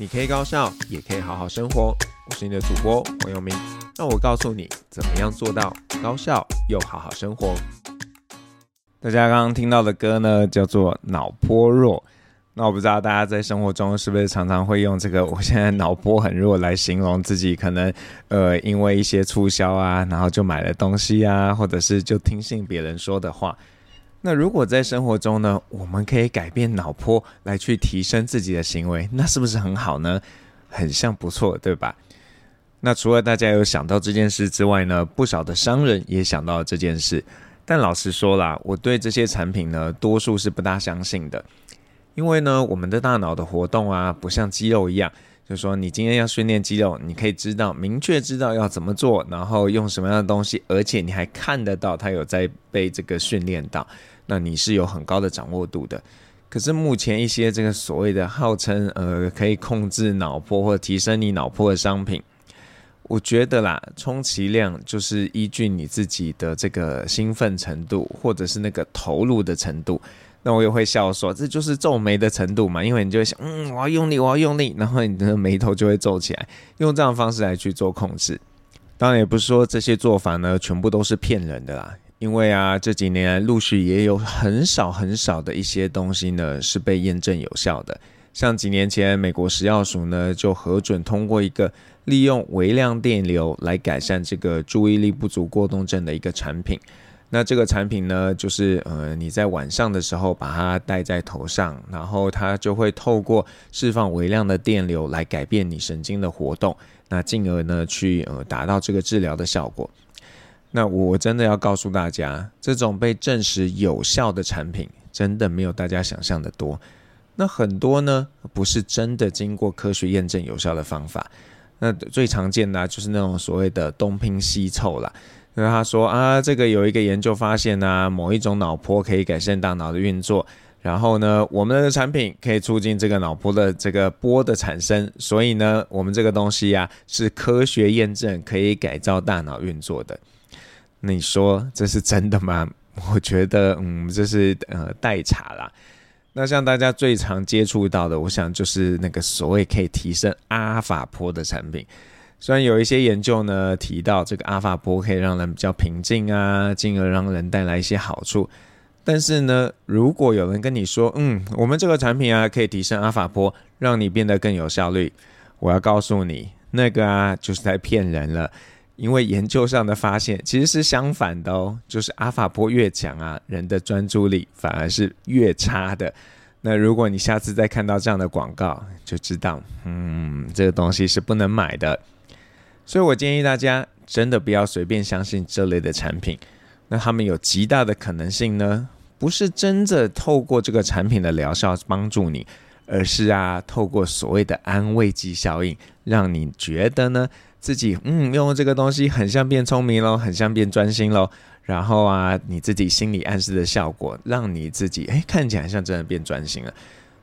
你可以高效，也可以好好生活。我是你的主播黃有明，那我告訴你怎麼樣做到高效又好好生活。大家剛剛聽到的歌呢，叫做《腦波弱》。那我不知道大家在生活中是不是常常會用這個“我現在腦波很弱”來形容自己？可能呃，因為一些促銷啊，然後就買了東西啊，或者是就聽信別人說的話。那如果在生活中呢，我們可以改變腦波來去提升自己的行為，那是不是很好呢？很像不錯，對吧？那除了大家有想到這件事之外呢，不少的商人也想到了這件事。但老實說啦，我對這些產品呢，多數是不大相信的，因為呢，我們的大腦的活動啊，不像肌肉一樣。就是說你今天要訓練肌肉，你可以知道、明確知道要怎麼做，然後用什麼樣的東西，而且你還看得到他有在被這個訓練到，那你是有很高的掌握度的。可是目前一些這個所謂的號稱呃、可以控制腦波或提升你腦波的商品，我覺得啦，充其量就是依據你自己的這個興奮程度或者是那個投入的程度。那我也會笑說，這就是皺眉的程度嘛，因為你就會想，嗯，我要用力，我要用力，然後你的眉頭就會皺起來，用這樣的方式來去做控制。當然也不是說這些做法呢，全部都是騙人的啦，因為啊，這幾年陸續也有很少很少的一些東西呢，是被驗證有效的。像幾年前，美國食藥署呢，就核准通過一個利用微量電流來改善這個注意力不足過動症的一個產品。那這個產品呢，就是呃，你在晚上的時候把它戴在頭上，然後它就會透過釋放微量的電流來改變你神經的活動，那進而呢去呃達到這個治療的效果。那我真的要告訴大家，這種被證實有效的產品，真的沒有大家想象的多。那很多呢，不是真的經過科學驗證有效的方法。那最常見的啊，就是那種所謂的東拼西湊啦。他說啊，這個有一個研究發現呢、啊，某一種腦波可以改善大腦的運作。然後呢，我們的產品可以促進這個腦波的這個波的產生。所以呢，我們這個東西呀、啊、是科學驗證，可以改造大腦運作的。你說這是真的嗎？我覺得嗯，這是呃待查啦。那像大家最常接觸到的，我想就是那個所謂可以提升阿爾法波的產品。雖然有一些研究呢，提到這個阿法波可以讓人比較平靜啊，進而讓人帶來一些好處，但是呢，如果有人跟你說，嗯，我們這個產品啊，可以提升阿法波，讓你變得更有效率，我要告訴你，那個啊就是在騙人了，因為研究上的發現其實是相反的哦，就是阿法波越強啊，人的專注力反而是越差的。那如果你下次再看到這樣的廣告，就知道，嗯，這個東西是不能買的。所以我建議大家真的不要隨便相信這類的產品，那他們有極大的可能性呢，不是真的透過這個產品的療效幫助你，而是啊，透過所謂的安慰劑效應，讓你覺得呢自己嗯用了這個東西很像變聰明嘍，很像變專心嘍，然後啊你自己心理暗示的效果，讓你自己誒、欸，看起來像真的變專心了。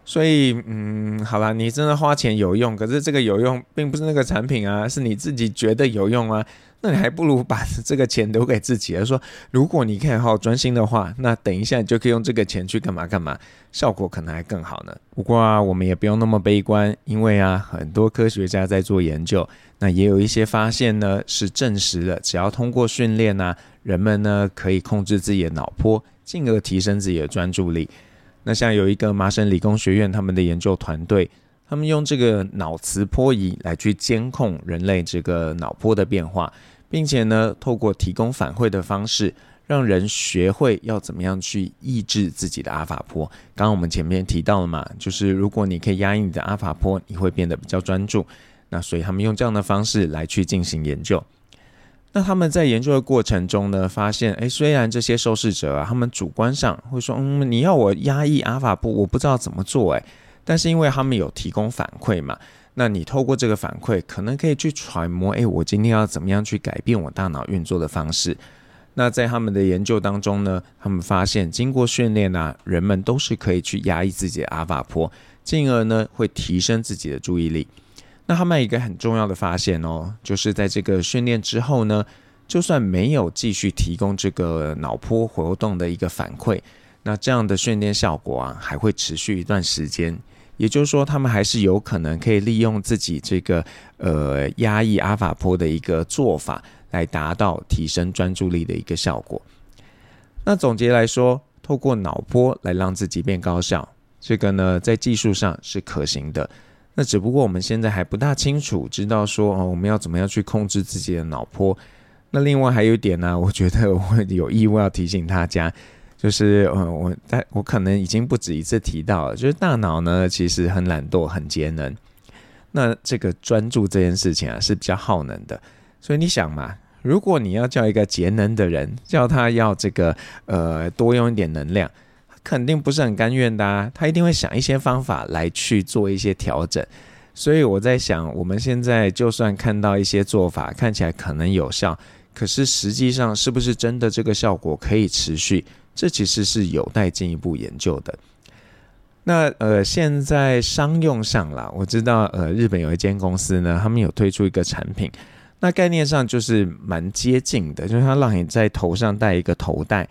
所以，嗯，好啦，你真的花錢有用，可是這個有用並不是那個產品啊，是你自己覺得有用啊。那你還不如把這個錢留給自己，而說如果你可以好好專心的話，那等一下你就可以用這個錢去幹嘛幹嘛，效果可能還更好呢。不過啊，我們也不用那麼悲觀，因為啊，很多科學家在做研究，那也有一些發現呢是證實了，只要通過訓練呢，人們呢可以控制自己的腦波，進而提升自己的專注力。那像有一個麻省理工學院他們的研究團隊，他們用這個腦磁波儀來去監控人類這個腦波的變化，並且呢，透過提供反饋的方式，讓人學會要怎麼樣去抑制自己的阿法波。剛剛我們前面提到了嘛，就是如果你可以壓抑你的阿法波，你會變得比較專注。那所以他們用這樣的方式來去進行研究。那他們在研究的過程中呢，發現，誒、欸，雖然這些受試者啊，他們主觀上會說，嗯，你要我壓抑阿法波，我不知道怎麼做、欸，誒。但是因為他們有提供反饋嘛，那你透過這個反饋，可能可以去揣摩，誒、欸，我今天要怎麼樣去改變我大腦運作的方式？那在他們的研究當中呢，他們發現，經過訓練啊，人們都是可以去壓抑自己的阿法波，進而呢，會提升自己的注意力。那他們有一個很重要的發現哦，就是在這個訓練之後呢，就算沒有繼續提供這個腦波活動的一個反饋，那這樣的訓練效果啊，還會持續一段時間。也就是說，他們還是有可能可以利用自己這個呃壓抑阿法波的一個做法，來達到提升專注力的一個效果。那總結來說，透過腦波來讓自己變高效，這個呢在技術上是可行的。那只不過我們現在還不大清楚，知道說哦，我們要怎麼樣去控制自己的腦波。那另外還有一點呢，啊，我覺得我有義務要提醒大家，就是嗯，我在我可能已經不止一次提到了，就是大腦呢其實很懶惰，很節能。那這個專注這件事情啊是比較耗能的，所以你想嘛，如果你要叫一個節能的人，叫他要這個呃多用一點能量。肯定不是很甘願的啊，他一定會想一些方法來去做一些調整。所以我在想，我們現在就算看到一些做法看起來可能有效，可是實際上是不是真的這個效果可以持續？這其實是有待進一步研究的。那呃，現在商用上了，我知道呃，日本有一間公司呢，他們有推出一個產品，那概念上就是蠻接近的，就是他讓你在頭上戴一個頭戴。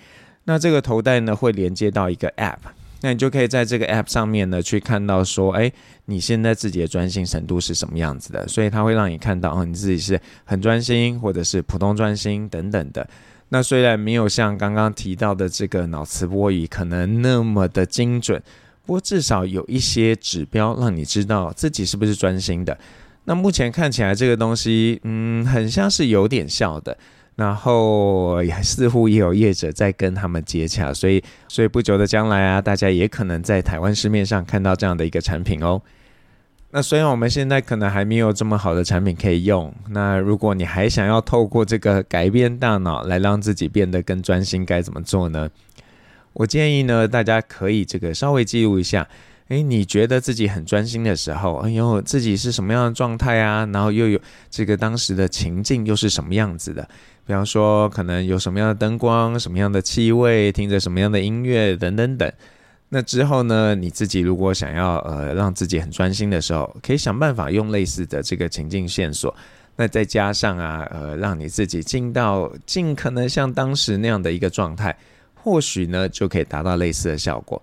那這個頭戴呢，會連接到一個 App，那你就可以在這個 App 上面呢，去看到說，哎、欸，你現在自己的專心程度是什麼樣子的？所以它會讓你看到，哦，你自己是很專心，或者是普通專心等等的。那雖然沒有像剛剛提到的這個腦磁波儀可能那麼的精準，不過至少有一些指標讓你知道自己是不是專心的。那目前看起來這個東西，嗯，很像是有點效的。然後似乎也有業者在跟他們接洽，所以所以不久的將來啊，大家也可能在台灣市面上看到這樣的一個產品哦。那雖然我們現在可能還沒有這麼好的產品可以用，那如果你還想要透過這個改變大腦來讓自己變得更專心，該怎麼做呢？我建議呢，大家可以這個稍微記錄一下。誒，你覺得自己很專心的時候，哎呦，自己是什麼樣的狀態啊？然後又有這個當時的情境又是什麼樣子的？比方說，可能有什麼樣的燈光、什麼樣的氣味、聽着什麼樣的音樂等等等。那之後呢，你自己如果想要呃讓自己很專心的時候，可以想辦法用類似的這個情境線索，那再加上啊呃，讓你自己進到盡可能像當時那樣的一個狀態，或許呢就可以達到類似的效果。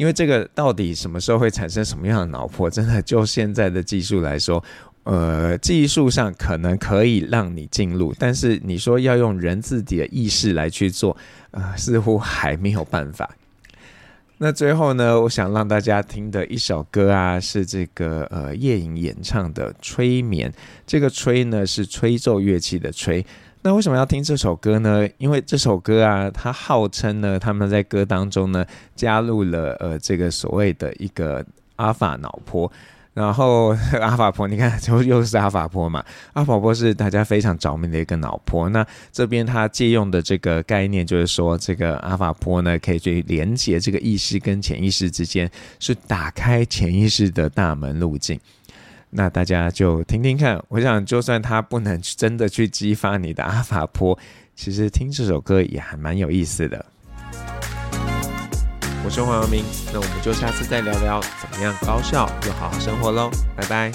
因為這個到底什麼時候會產生什麼樣的腦波，真的就現在的技術來說，呃，技術上可能可以讓你進入，但是你說要用人自己的意識來去做，呃，似乎還沒有辦法。那最後呢，我想讓大家聽的一首歌啊，是這個呃葉穎演唱的《吹眠》，這個吹呢“吹”呢是吹奏樂器的吹“吹”。那為什麼要聽這首歌呢？因為這首歌啊，它號稱呢，他們在歌當中呢加入了呃這個所謂的一個阿法腦波，然後阿法波，你看就又是阿法波嘛，阿法波是大家非常着迷的一個腦波。那這邊他借用的這個概念，就是說這個阿法波呢，可以去連接這個意識跟潛意識之間，是打開潛意識的大門路徑。那大家就聽聽看，我想就算他不能真的去激發你的阿法波，其實聽這首歌也還蠻有意思的。我是黃耀明，那我們就下次再聊聊怎麼樣高效又好好生活嘍，拜拜。